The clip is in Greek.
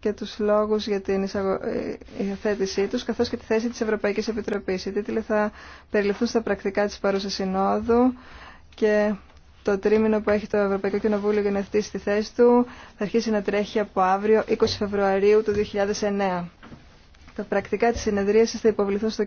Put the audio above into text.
και τους λόγους για την ε, υιοθέτησή τους, καθώς και τη θέση της Ευρωπαϊκής Επιτροπής. Οι τίτλοι θα περιληφθούν στα πρακτικά της παρούσας συνόδου και το τρίμηνο που έχει το Ευρωπαϊκό Κοινοβούλιο για να στη θέση του θα αρχίσει να τρέχει από αύριο 20 Φεβρουαρίου του 2009. Τα πρακτικά της συνεδρίασης θα υποβληθούν στο